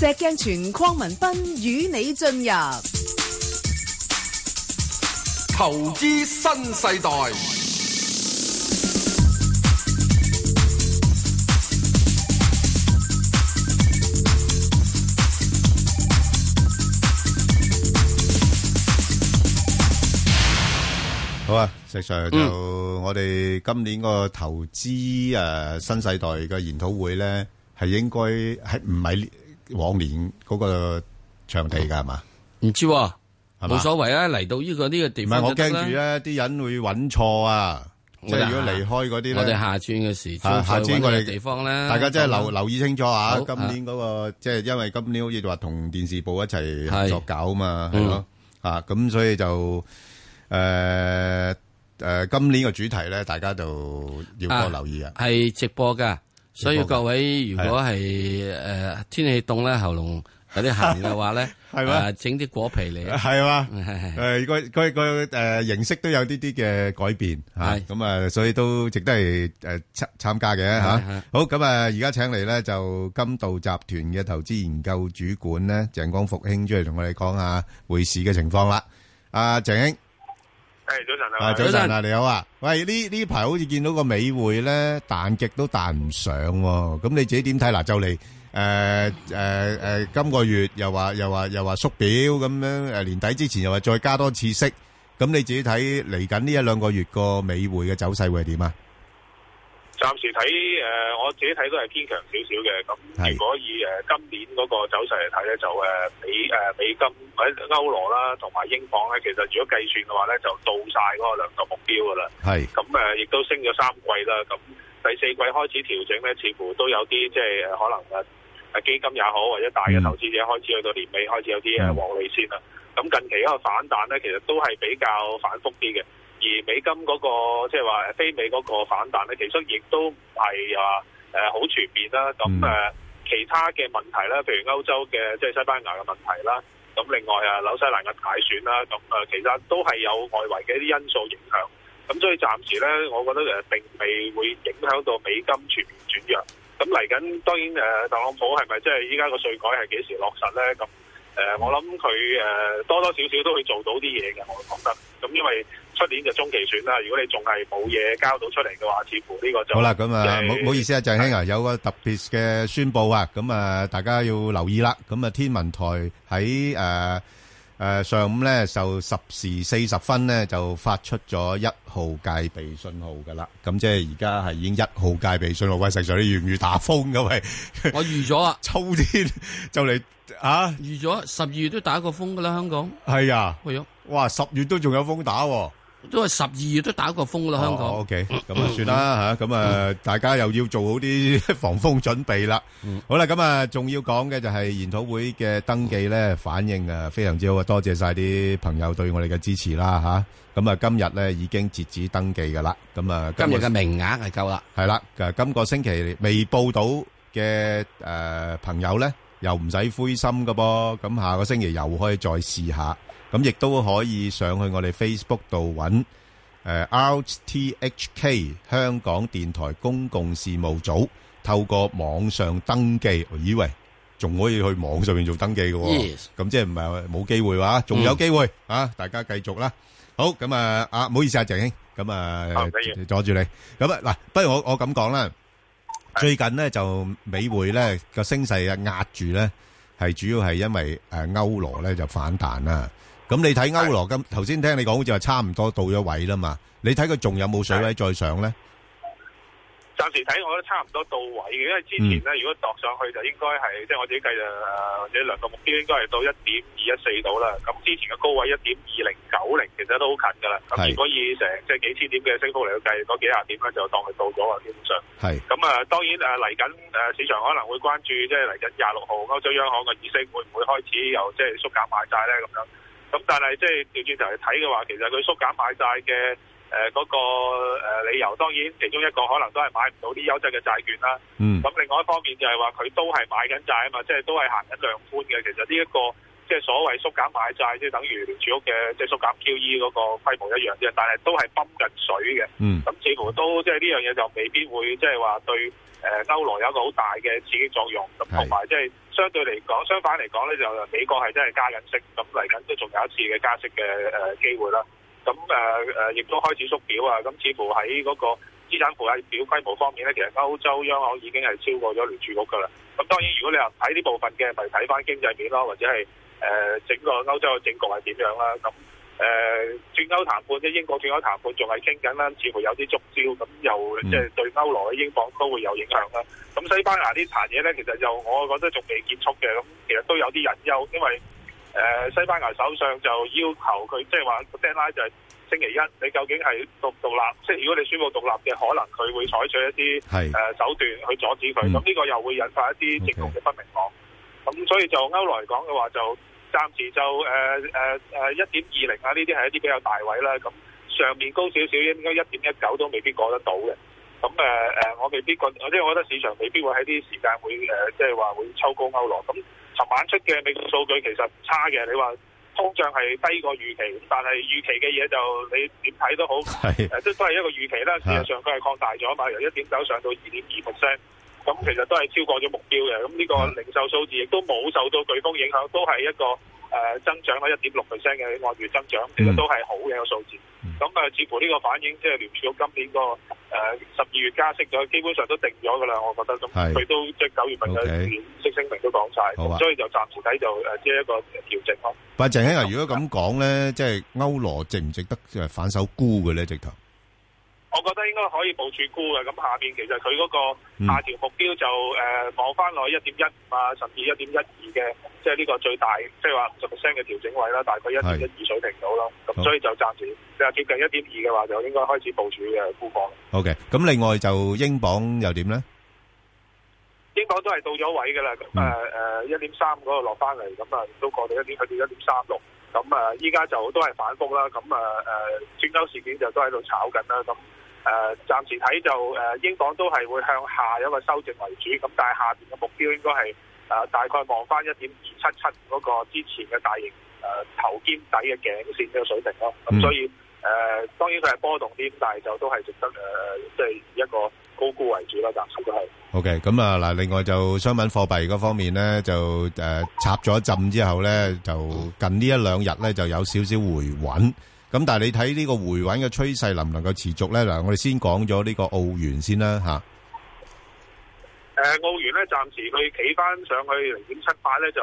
石鏡泉鄺文斌與你進入投資新世代。嗯。好啊，石 Sir 就我哋今年個投資誒、啊、新世代嘅研討會咧，係應該係唔係？是往年嗰個場地噶係嘛？唔知，冇所謂啊！嚟到呢個呢個地方咧，唔係我驚住咧，啲人會揾錯啊！即係如果離開嗰啲咧，我哋下轉嘅時下轉嘅地方咧，大家即係留留意清楚啊！今年嗰個即係因為今年好似話同電視部一齊合作搞啊嘛，係咯啊咁，所以就誒誒，今年個主題咧，大家就要多留意啊！係直播噶。所以各位，如果係誒天氣凍咧，喉嚨有啲痕嘅話咧，誒整啲果皮嚟係嘛誒，佢佢佢誒形式都有啲啲嘅改變，係咁啊，所以都值得嚟誒參參加嘅吓。好咁啊，而家請嚟咧就金道集團嘅投資研究主管咧，鄭廣復兄，出嚟同我哋講下匯市嘅情況啦。阿鄭兄。誒、hey，早晨啊！早晨啊，你好啊！喂，呢呢排好似見到個美匯咧，彈極都彈唔上喎，啊。咁你自己點睇？嗱、啊，就嚟誒誒誒今個月又話又話又話縮表咁樣，誒年底之前又話再加多次息。咁你自己睇嚟緊呢一兩個月個美匯嘅走勢會係點啊？暫時睇誒、呃，我自己睇都係偏強少少嘅。咁如果以誒、呃、今年嗰個走勢嚟睇咧，就誒美誒美金或者歐羅啦，同埋英鎊咧，其實如果計算嘅話咧，就到晒嗰個兩個目標噶啦。咁亦、呃、都升咗三季啦。咁第四季開始調整咧，似乎都有啲即係可能啊基金也好，或者大嘅投資者開始去到年尾、嗯、開始有啲黃利先啦。咁、嗯、近期一個反彈咧，其實都係比較反覆啲嘅。而美金嗰個即係話非美嗰個反彈咧，其實亦都唔係話誒好全面啦。咁誒其他嘅問題咧，譬如歐洲嘅即係西班牙嘅問題啦，咁另外啊紐西蘭嘅大選啦，咁誒其實都係有外圍嘅一啲因素影響。咁所以暫時咧，我覺得誒並未會影響到美金全面轉弱。咁嚟緊當然誒，特朗普係咪即係依家個稅改係幾時落實咧？咁誒我諗佢誒多多少少都會做到啲嘢嘅，我覺得。咁因為出年嘅中期選啦。如果你仲係冇嘢交到出嚟嘅話，似乎呢個就好啦。咁啊，唔好意思啊，鄭兄啊，有個特別嘅宣佈啊。咁啊，大家要留意啦。咁啊，天文台喺誒誒上午咧，就十時四十分咧，就發出咗一號戒備信號㗎啦。咁即係而家係已經一號戒備信號。喂，Sir，你預唔預打風㗎喂？我預咗啊，秋天就嚟啊！預咗十二月都打過風㗎啦，香港係啊，喂，哇！十月都仲有風打。都係十二月都打過風咯，香港。OK，咁啊算啦吓，咁啊大家又要做好啲防風準備啦。好啦，咁啊，仲要講嘅就係研討會嘅登記咧，反應啊非常之好啊，多謝晒啲朋友對我哋嘅支持啦吓。咁啊，今日咧已經截止登記噶啦，咁啊，今日嘅名額係夠啦。係啦，誒，今個星期未報到嘅誒朋友咧，又唔使灰心噶噃，咁下個星期又可以再試下。咁亦都可以上去我哋 Facebook 度揾，誒 RTHK 香港電台公共事務組，透過網上登記，咦，喂，仲可以去網上面做登記嘅，咁即係唔係冇機會話，仲有機會啊！大家繼續啦。好，咁啊，啊，唔好意思啊，鄭兄，咁啊，阻住你。咁啊，嗱，不如我我咁講啦。最近咧就美匯咧個升勢啊壓住咧，係主要係因為誒歐羅咧就反彈啦。咁你睇歐羅咁頭先聽你講好似話差唔多到咗位啦嘛？你睇佢仲有冇水位再上咧？暫時睇我都差唔多到位嘅，因為之前咧、嗯、如果度上去就應該係即係我自己計就或者兩個目標應該係到一點二一四到啦。咁之前嘅高位一點二零九零其實都好近噶啦。咁如果以成即係幾千點嘅升幅嚟計嗰幾廿點咧，就當佢到咗啊，基本上。咁啊，當然誒嚟緊市場可能會關注，即係嚟緊廿六號歐洲央行嘅議息會唔會開始有即係縮減買債咧咁樣。咁但係即係調轉頭嚟睇嘅話，其實佢縮減買債嘅嗰、呃嗰個、呃、理由，當然其中一個可能都係買唔到啲優質嘅債券啦。咁、嗯、另外一方面就係話佢都係買緊債啊嘛，即係都係行緊量寬嘅。其實呢、這、一個。即、所謂縮減買債，即、等於聯儲局嘅即係縮減 QE 嗰個規模一樣啫，但係都係泵緊水嘅。嗯，咁似乎都即係呢樣嘢就未必會即係話對誒歐羅有一個好大嘅刺激作用。係。咁同埋即係相對嚟講，相反嚟講咧，就美國係真係加緊息，咁嚟緊都仲有一次嘅加息嘅誒機會啦。咁誒誒，亦、呃、都開始縮表啊。咁似乎喺嗰個資產負債表規模方面咧，其實歐洲央行已經係超過咗聯儲局噶啦。咁當然，如果你話睇呢部分嘅，就係睇翻經濟面咯，或者係。誒、呃、整個歐洲嘅政局係點樣啦、啊？咁誒、呃、轉歐談判即英國轉歐談判仲係傾緊啦，似乎有啲觸礁咁，那又即係對歐羅與英國都會有影響啦。咁西班牙的東西呢壇嘢咧，其實又我覺得仲未結束嘅，咁其實都有啲隱憂，因為誒、呃、西班牙首相就要求佢即係話，戴拉就係、是、星期一，你究竟係獨不獨立，即係如果你宣布獨立嘅，可能佢會採取一啲誒、呃、手段去阻止佢，咁、嗯、呢個又會引發一啲政局嘅不明朗。Okay. 咁所以就歐羅嚟講嘅話，就暫時就誒誒誒一點二零啊，呢啲係一啲比較大位啦。咁上面高少少，應該一點一九都未必過得到嘅。咁誒誒，我未必過，即係我覺得市場未必會喺啲時間會誒，即係話會抽高歐羅。咁尋晚出嘅美國數據其實唔差嘅，你話通脹係低過預期，但係預期嘅嘢就你點睇都好，誒、 呃，即都係一個預期啦。事實上佢係擴大咗嘛， 由一點九上到二點二 percent。咁其實都係超過咗目標嘅，咁呢個零售數字亦都冇受到颶風影響，都係一個誒、呃、增長咗一點六 percent 嘅按月增長，其實都係好嘅一個數字。咁誒、呃，似乎呢個反應即係聯儲局今年個誒十二月加息咗，基本上都定咗噶啦，我覺得。咁佢都即係九月份嘅、okay，息聲明都講晒，所以就暫時睇就誒即係一個調整咯。但係鄭兄啊，如果咁講咧，即係歐羅值唔值得就係反手沽嘅咧，直頭？我覺得應該可以部署沽嘅，咁下邊其實佢嗰個下調目標就誒望翻落一點一五啊，呃、甚至一點一二嘅，即係呢個最大，即係話五十 percent 嘅調整位啦，大概一點一二水平到咯。咁所以就暫時即係接近一點二嘅話，就應該開始部署嘅沽貨。O.K. 咁另外就英鎊又點咧？英鎊都係到咗位嘅啦。咁誒誒一點三嗰個落翻嚟，咁啊都過到一點去到一點三六。咁、呃、啊，依家就都係反覆啦。咁啊誒，川、呃、洲事件就都喺度炒緊啦。咁誒、呃，暫時睇就誒、呃，英鎊都係會向下一個修正為主，咁但係下邊嘅目標應該係誒，大概望翻一點二七七嗰個之前嘅大型誒、呃、頭肩底嘅頸線嘅水平咯。咁、啊、所以誒、呃，當然佢係波動啲，但係就都係值得誒，即、呃、係一個高估為主啦，暫時都係。OK，咁啊嗱，另外就商品貨幣嗰方面咧，就誒、呃、插咗一浸之後咧，就近一兩呢一兩日咧就有少少回穩。咁但係你睇呢個回穩嘅趨勢能唔能夠持續咧？嗱，我哋先講咗呢個澳元先啦，吓、呃。誒，澳元咧，暫時佢企翻上去零點七八咧，就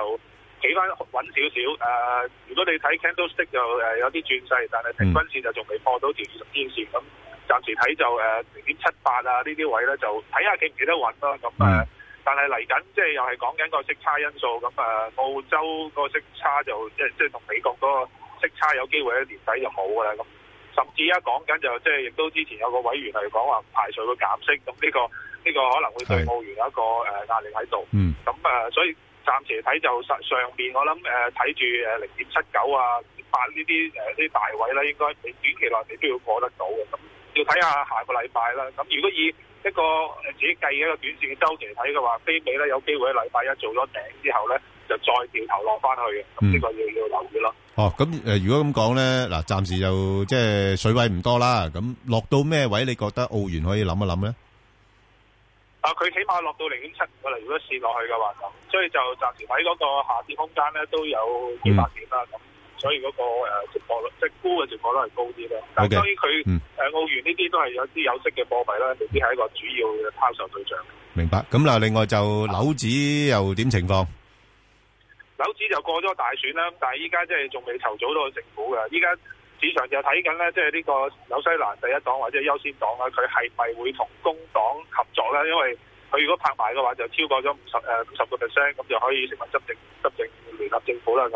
企翻穩少少。誒、呃，如果你睇 Candlestick 就誒、呃、有啲轉勢，但係平均線就仲未破到條二十天線。咁、嗯、暫時睇就誒零點七八啊呢啲位咧就睇下企唔記得穩企唔企得穩咯。咁誒、呃嗯，但係嚟緊即係又係講緊個息差因素。咁誒、呃，澳洲個息差就即係即係同美國嗰個。息差有機會喺年底就冇噶啦，咁甚至而家講緊就即、是、係，亦都之前有個委員嚟講話排除會減息，咁呢、呢個呢、呢個可能會對澳元有一個誒壓力喺度。咁啊，所以暫時睇就上上面，我諗誒睇住誒零點七九啊、八呢啲誒啲大位咧，應該喺短期內你都要過得到嘅。咁要睇下下個禮拜啦。咁如果以一個誒自己計一個短線嘅周期睇嘅話，非美咧有機會喺禮拜一做咗頂之後咧，就再調頭落翻去嘅，咁呢個要要留意咯。哦，咁誒，如果咁講咧，嗱，暫時就即係水位唔多啦。咁落到咩位，你覺得澳元可以諗一諗咧？啊，佢起碼落到零點七五度，如果跌落去嘅話，咁所以就暫時喺嗰個下跌空間咧都有幾百點啦。咁所以嗰個誒值博率即沽嘅值博率都係高啲咧。但係當然佢誒澳元呢啲都係有啲有色嘅貨幣啦，未必係一個主要嘅拋售對象。明白。咁嗱，另外就樓指又點情況？樓市就過咗大選啦，但係依家即係仲未籌組到政府嘅。依家市場就睇緊咧，即係呢個紐西蘭第一黨或者優先黨啊，佢係咪會同工黨合作咧？因為佢如果拍埋嘅話，就超過咗五十呃、五十個 percent，咁就可以成為執政執政聯合政府啦。咁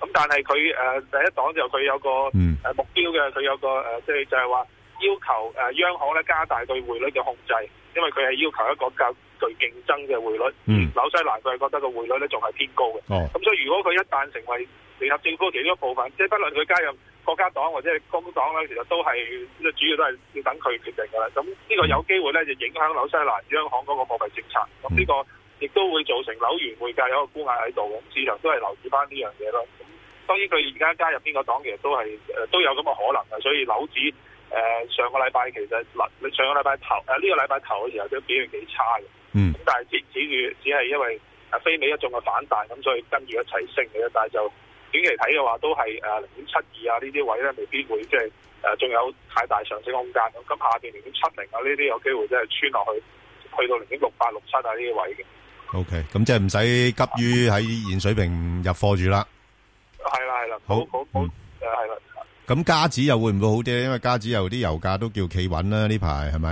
咁但係佢、呃、第一黨就佢有個目標嘅，佢有個即係就係、是、話。要求誒央行咧加大對匯率嘅控制，因為佢係要求一個較具競爭嘅匯率。嗯、紐西蘭佢係覺得個匯率咧仲係偏高嘅。咁、哦、所以如果佢一旦成為聯合政府其中一部分，即係不論佢加入國家黨或者工黨咧，其實都係主要都係要等佢決定㗎啦。咁呢個有機會咧就影響紐西蘭央行嗰個貨幣政策。咁、嗯、呢個亦都會造成紐元匯價有一個沽壓喺度，咁市場都係留意翻呢樣嘢咯。當然佢而家加入邊個黨其實都係、呃、都有咁嘅可能嘅，所以樓指。誒、呃、上個禮拜其實嗱，上個禮拜頭誒呢、呃這個禮拜頭嘅時候都表現幾差嘅。嗯。咁但係只止只係因為非美一眾嘅反彈，咁所以跟住一齊升嘅。但係就短期睇嘅話，都係誒零點七二啊，這些位呢啲位咧未必會即係誒仲有太大上升空間。咁、嗯、下邊零點七零啊，呢啲有機會即係穿落去，去到零點六八、六七啊呢啲位嘅。O K，咁即係唔使急於喺現水平入貨住啦。係、啊、啦，係啦，好好好誒，係、嗯、啦。是咁加子又會唔會好啲？因為加子有啲油價都叫企穩啦，呢排係咪？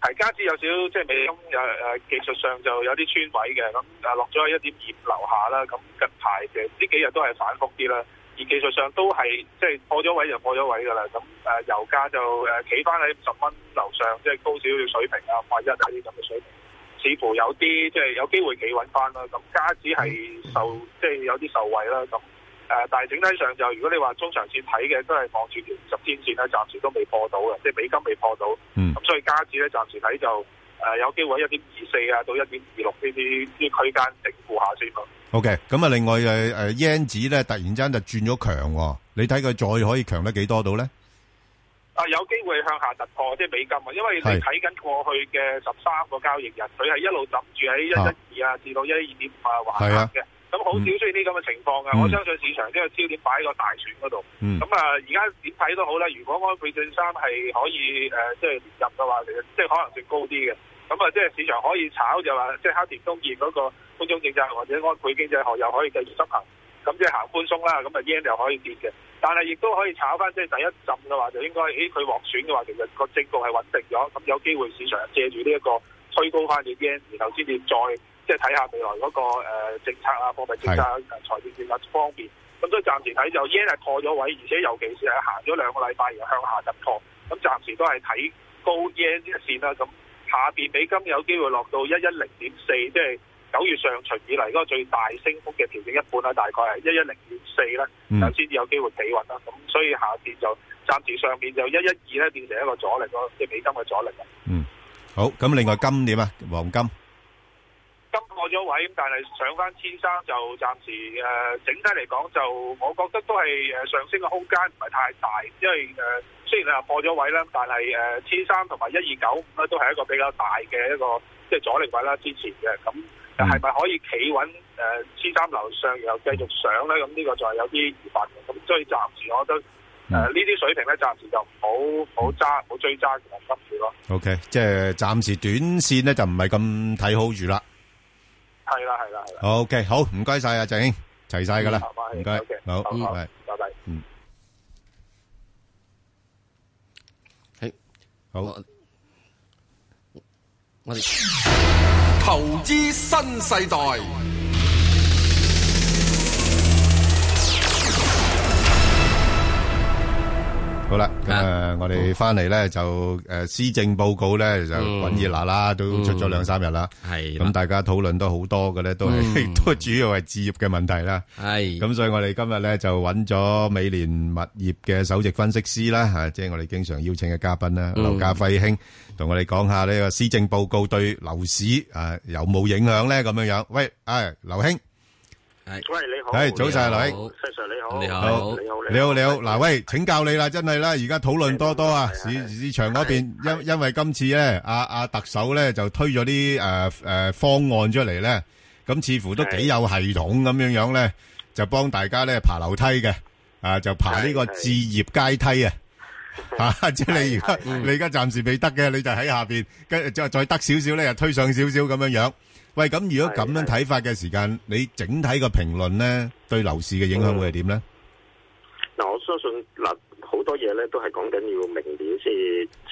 係加子有少即係美金，有、呃、誒，技術上就有啲穿位嘅，咁誒、呃、落咗一點二樓下啦。咁近排嘅呢幾日都係反覆啲啦，而技術上都係即係破咗位就破咗位噶啦。咁誒、呃、油價就誒企翻喺五十蚊樓上，即係高少少水平啊，或者大啲咁嘅水平，似乎有啲、就是嗯、即係有機會企穩翻啦。咁加子係受即係有啲受惠啦。咁誒、呃，但係整體上就，如果你話中長線睇嘅，都係望住條五十天線啦，暫時都未破到嘅，即係美金未破到。咁、嗯嗯、所以加字咧，暫時睇就誒、呃，有機會1.24一點二四啊，到一點二六呢啲呢區間整固下先咯。OK，咁啊，另外誒誒，yen 指咧突然間就轉咗強喎，你睇佢再可以強得幾多到咧？啊、呃，有機會向下突破即係美金啊，因為你睇緊過去嘅十三個交易日，佢係一路枕住喺一一二啊，至到一點二六啊，橫行嘅。咁好少出現呢啲咁嘅情況噶、啊嗯，我相信市場即係焦點擺喺個大選嗰度。咁、嗯、啊，而家點睇都好啦。如果安倍晉三係可以即係、呃就是、連任嘅話，其實即係可能性高啲嘅。咁啊，即、就、係、是、市場可以炒就話，即、就、係、是、黑田東建嗰個寬鬆政策，或者安倍經濟學又可以繼續執行。咁即係行寬鬆啦，咁啊 yen 就可以跌嘅。但係亦都可以炒翻即係第一陣嘅話，就應該誒佢獲選嘅話，其實個政局係穩定咗，咁有機會市場借住呢一個推高翻啲 yen 然後先至再。即係睇下未來嗰個政策啊、貨幣政策啊、財政政策方面，咁所以暫時睇就 yen 係破咗位，而且尤其是係行咗兩個禮拜又向下突破，咁暫時都係睇高 yen 呢一線啦。咁下面美金有機會落到一一零點四，即係九月上旬以嚟嗰個最大升幅嘅調整一半啦，大概係一一零點四咧，先、嗯、至有機會企穩啦。咁所以下面就暫時上面就一一二咧變成一個阻力咯，即、就、係、是、美金嘅阻力。嗯，好。咁另外金點啊，黃金。今破咗位，但係上返千三就暫時誒、呃、整體嚟講，就我覺得都係上升嘅空間唔係太大，因為誒、呃、雖然你話破咗位啦，但係誒千三同埋一二九五咧都係一個比較大嘅一個即係、就是、阻力位啦，之前嘅咁係咪可以企穩誒千三樓上又繼續上咧？咁呢個就係有啲疑問嘅。咁所以暫時我覺得誒呢啲水平咧，暫時就唔好好揸，唔、嗯、好追揸黃、就是、金股咯。OK，即係暫時短線咧就唔係咁睇好住啦。係啦，係啦，係啦。OK，好，唔該晒阿鄭，齊晒噶啦。唔該，好，唔該，拜拜。嗯，好，我哋投資新世代。好啦，咁啊，我哋翻嚟咧就誒，施政報告咧就搵熱辣啦，都出咗兩三日啦。係，咁大家討論都好多嘅咧，都係都主要係置業嘅問題啦。係，咁所以我哋今日咧就揾咗美聯物業嘅首席分析師啦，吓，即係我哋經常邀請嘅嘉賓啦，劉嘉輝兄，同我哋講下呢個施政報告對樓市啊有冇影響咧？咁樣樣，喂，誒，劉兄。喂，你好！係早晒，劉生。生 Sir 你好，你好，你好，你好，你好，你好。嗱，喂，請教你啦，真係啦，而家討論多多啊。市市場嗰邊因因為今次咧，阿阿特首咧就推咗啲誒誒方案出嚟咧，咁似乎都幾有系統咁樣樣咧，就幫大家咧爬樓梯嘅，啊，就爬呢個置業階梯啊。吓，即係你，你而家暫時未得嘅，你就喺下邊，跟住之後再再得少少咧，就推上少少咁樣樣。喂，咁如果咁樣睇法嘅時間，你整體個評論咧，對樓市嘅影響會係點咧？嗱、嗯，我相信嗱，好多嘢咧都係講緊要明年先，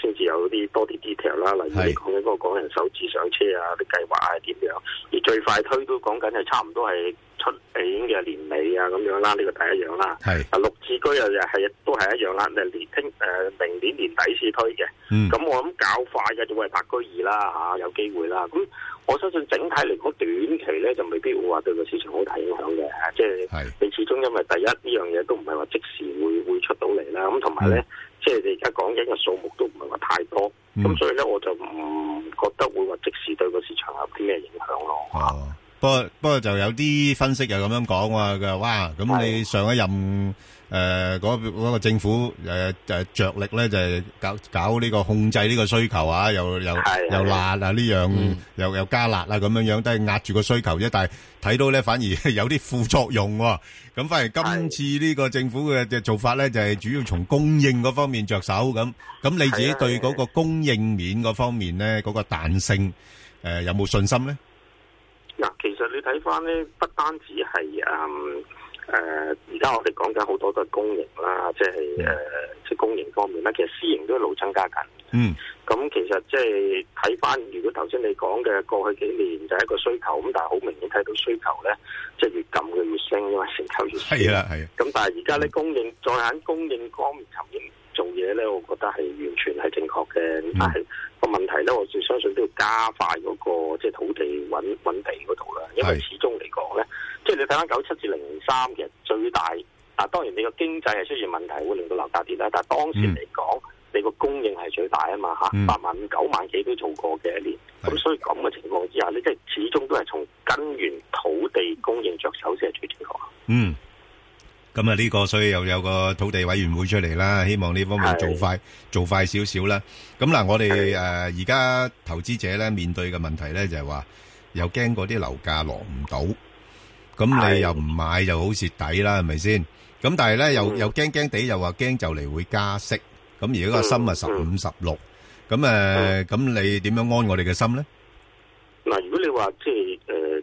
先至有啲多啲 detail 啦。例如你講緊個港人首次上車啊，啲計劃係點樣，而最快推都講緊係差唔多係。出年嘅年尾啊，咁樣啦，呢個第一樣啦。係啊，綠置居又又係都係一樣啦。誒，年聽誒，明年年底至推嘅。嗯。咁我諗較快嘅就係白居二啦，吓有機會啦。咁我相信整體嚟講短期咧，就未必會話對個市場好大影響嘅。即係你始終因為第一呢樣嘢都唔係話即時會會出到嚟啦。咁同埋咧，即係你而家講緊嘅數目都唔係話太多。咁、嗯、所以咧，我就。不過不過就有啲分析又咁樣講，佢話，哇！咁你上一任誒嗰嗰個政府誒誒着力咧，就搞搞呢個控制呢個需求啊，又又又辣啊呢樣，又又加辣啊咁樣樣，都係壓住個需求啫。但係睇到咧，反而有啲副作用。咁反而今次呢個政府嘅嘅做法咧，就係主要從供應嗰方面着手。咁咁你自己對嗰個供應面嗰方面咧，嗰個彈性誒有冇信心咧？嗱，其實你睇翻咧，不單止係誒誒，而、嗯、家、呃、我哋講緊好多都係公營啦，即係誒，即係公營方面啦。其實私營都一路增加緊。Mm. 嗯，咁其實即係睇翻，如果頭先你講嘅過去幾年就係一個需求，咁但係好明顯睇到需求咧，即、就、係、是、越撳嘅越升，因為成交越係啦係啊，咁但係而家咧，供應再喺供應方面尋應。做嘢咧，我覺得係完全係正確嘅、嗯，但係個問題咧，我最相信都要加快嗰、那個即係、就是、土地揾揾地嗰度啦。因為始終嚟講咧，即係你睇返九七至零三，嘅最大啊，當然你個經濟係出現問題，會令到樓價跌啦。但係當時嚟講、嗯，你個供應係最大啊嘛嚇、嗯，八萬五九萬幾都做過嘅一年。咁所以咁嘅情況之下咧，即係始終都係從根源土地供應着手先係最正確的。嗯。咁啊，呢個所以又有個土地委員會出嚟啦，希望呢方面做快，做快少少啦。咁嗱，我哋誒而家投資者咧面對嘅問題咧就係話，又驚嗰啲樓價落唔到，咁你又唔買又好蝕底啦，係咪先？咁但係咧又又驚驚地，又話驚就嚟會加息。咁而家個心啊十五十六，咁誒，咁你點樣安我哋嘅心咧？嗱，如果你話即係誒。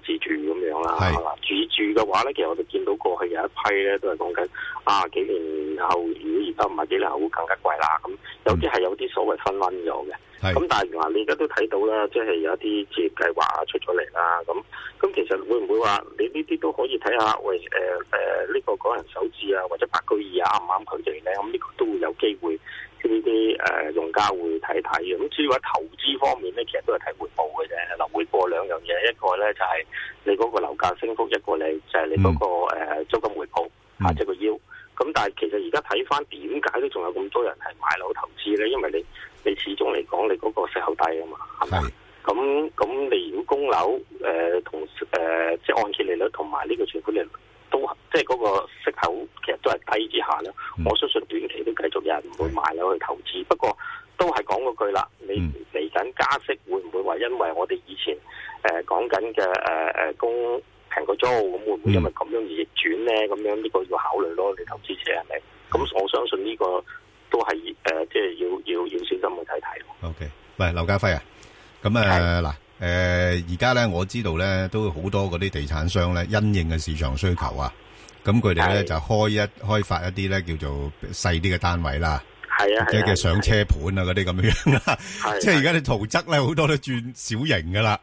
自住咁樣啦，係嘛？自住嘅話咧，其實我哋見到過去有一批咧，都係講緊啊，幾年後如果而家唔係幾年後會更加貴啦。咁有啲係有啲所謂分溫咗嘅，咁但係話你而家都睇到啦，即係有一啲置業計劃出咗嚟啦。咁咁其實會唔會話你呢啲都可以睇下？喂，誒、呃、誒，呢、呃呢個港人首置啊，或者白居易啱唔啱佢哋咧？咁呢個都會有機會有機會。呢啲誒用家會睇睇嘅，咁至於話投資方面咧，其實都係睇回報嘅啫。樓會過兩樣嘢，一個咧就係、是、你嗰個樓價升幅，一個咧就係你嗰、那個、嗯呃、租金回報嚇，即係個 U。咁、嗯、但係其實而家睇翻點解都仲有咁多人係買樓投資咧？因為你你始終嚟講，你嗰個息口低啊嘛，係咪？咁咁你如果供樓誒、呃、同誒、呃、即係按揭利率同埋呢個存款利率都即係嗰個息口其實都係低之下咧、嗯，我相信。人唔會買樓去投資，不過都係講嗰句啦。你嚟緊、嗯、加息，會唔會話因為我哋以前誒講緊嘅誒誒，供平過租，咁、呃、會唔會因為咁樣而逆轉咧？咁樣呢、這個要考慮咯，你投資者係咪？咁、嗯、我相信呢個都係誒，即係要要要，要小心去睇睇。OK，喂，劉家輝啊，咁啊嗱，而家咧，我知道咧，都好多嗰啲地產商咧，因應嘅市場需求啊。咁佢哋咧就開一開發一啲咧叫做細啲嘅單位啦，啊、或者嘅上車盤啊嗰啲咁樣、啊 啊啊啊啊啊、啦，即係而家啲圖則咧好多都轉小型噶啦。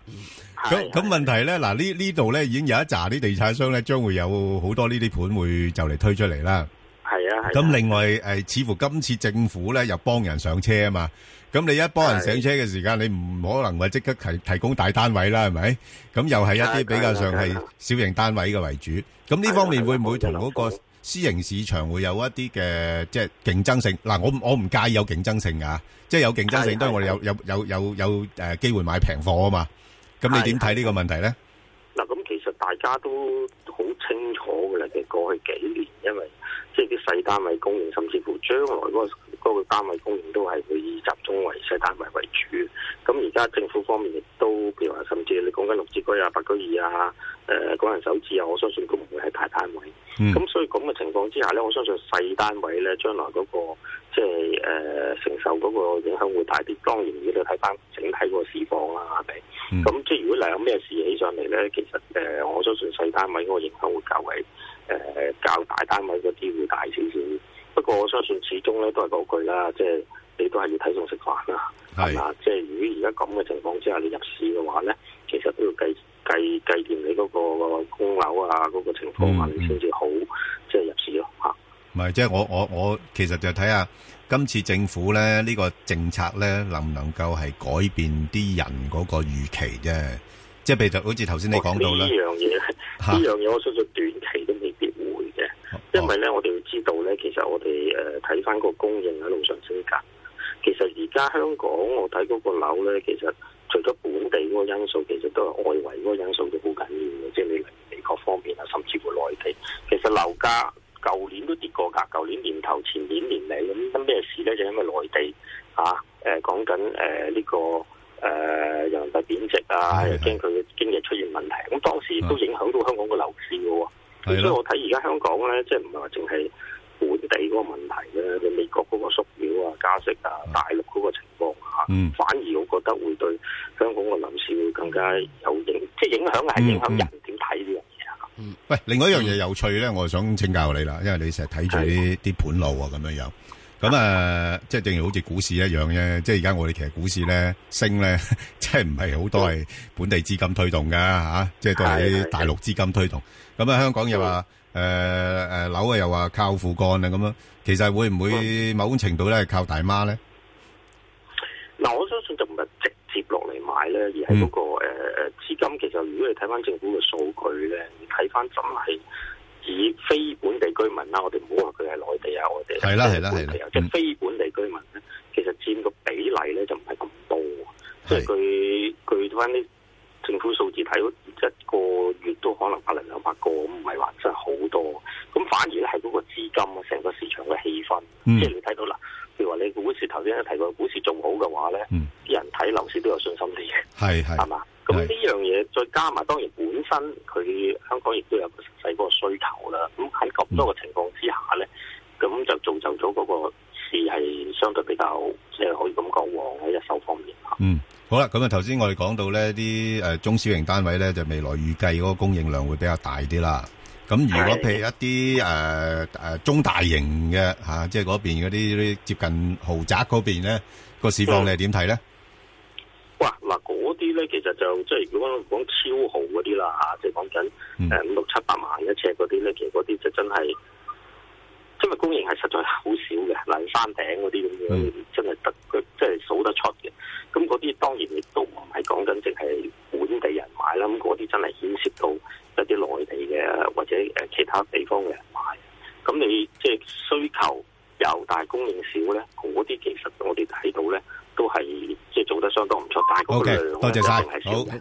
咁咁問題咧嗱，呢呢度咧已經有一紮啲地產商咧將會有好多呢啲盤會就嚟推出嚟啦。係啊，咁、啊、另外誒、啊呃、似乎今次政府咧又幫人上車啊嘛。咁你一幫人上車嘅時間，你唔可能話即刻提提供大單位啦，係咪？咁又係一啲比較上係小型單位嘅為主。咁呢方面會唔會同嗰個私營市場會有一啲嘅，即係競爭性？嗱，我我唔介意有競爭性噶，即係有競爭性，當然我哋有有有有有誒機會買平貨啊嘛。咁你點睇呢個問題咧？嗱，咁其實大家都好清楚嘅啦，即係過去幾年，因為即係啲細單位供應，甚至乎將來嗰個。多、那個單位供應都係會以集中為細單位為主，咁而家政府方面亦都，譬如話甚至你講緊六折、啊、居啊、白居二啊、誒個人首置啊，我相信佢唔會係大單位。咁、嗯、所以咁嘅情況之下咧，我相信細單位咧將來嗰、那個即係誒承受嗰個影響會大啲。當然你要睇翻整體個市況啦，係咪？咁、嗯、即係如果你有咩事起上嚟咧，其實誒、呃、我相信細單位嗰個影響會較為誒、呃、較大單位嗰啲會大少少。我相信始終咧都係嗰句啦，即係你都係要睇餸食飯啦，係啊！即係如果而家咁嘅情況之下，你入市嘅話咧，其實都要計計計掂你嗰個供樓啊嗰個情況你先至好，嗯嗯、即係入市咯嚇。唔係，即係我我我其實就睇下今次政府咧呢個政策咧能唔能夠係改變啲人嗰個預期啫。即係譬如就好似頭先你講到咧，呢樣嘢呢樣嘢，我相信短期都因為咧，我哋要知道咧，其實我哋誒睇翻個供應喺度上升緊。其實而家香港，我睇嗰個樓咧，其實除咗本地嗰個因素，其實都係外圍嗰個因素都好緊要嘅，即係你美國方面啊，甚至乎內地。其實樓價舊年都跌過價，舊年年頭、前年年尾咁咩事咧？就因為內地啊，誒、呃、講緊誒呢個誒、呃、人民幣貶值啊，又驚佢經濟出現問題，咁當時都影響到香港嘅樓市嘅喎、啊。所以我睇而家香港咧，即係唔係話淨係本地嗰個問題咧，即美國嗰個縮表啊、加息啊、大陸嗰個情況吓，反而我覺得會對香港個樓市會更加有影，即係影響，係影響人點睇呢樣嘢啊。喂、嗯，另外一樣嘢有趣咧，我想請教你啦，因為你成日睇住啲盤路啊，咁樣有。咁啊，即、呃、係正如好似股市一樣嘅，即係而家我哋其實股市咧升咧，即係唔係好多係本地資金推動噶吓、啊，即係都係大陸資金推動。咁啊，香港又話誒誒樓啊，是是呃呃、又話靠父幹啊，咁樣，其實會唔會某種程度咧係靠大媽咧？嗱、嗯，我相信就唔係直接落嚟買咧，而係嗰個誒資金。其實如果你睇翻政府嘅數據咧，睇翻真係，指非本地居民啦，我哋唔好話佢係內地啊、外地啊、嗯，即係非本地居民咧，其實佔個比例咧就唔係咁多，即係佢佢翻啲政府數字睇到，一個月都可能百零兩百個，唔係話真係好多。咁反而咧係嗰個資金啊，成個市場嘅氣氛，即、嗯、係、就是、你睇到嗱，譬如話你股市頭先提過，股市仲好嘅話咧，啲、嗯、人睇樓市都有信心啲嘅，係係係嘛？咁呢樣嘢再加埋，當然本身佢香港亦都有。咁啊，頭先我哋講到咧，啲誒中小型單位咧就未來預計嗰個供應量會比較大啲啦。咁如果譬如一啲誒誒中大型嘅吓，啊，即係嗰邊嗰啲接近豪宅嗰邊咧個市況，你係點睇咧？哇！嗱，嗰啲咧其實就即係如果講超豪嗰啲啦吓，即係講緊誒五六七八萬一尺嗰啲咧，其實嗰啲就真係，因為供應係實在好少嘅，嗱山頂嗰啲咁樣，真係得即係數得出嘅。咁嗰啲當然亦都唔係講緊，淨係本地人買啦。咁嗰啲真係牽涉到一啲內地嘅或者誒其他地方嘅人買。咁你即係需求又大，供應少咧，嗰啲其實我哋睇到咧都係即係做得相當唔錯。OK，多謝晒。Okay.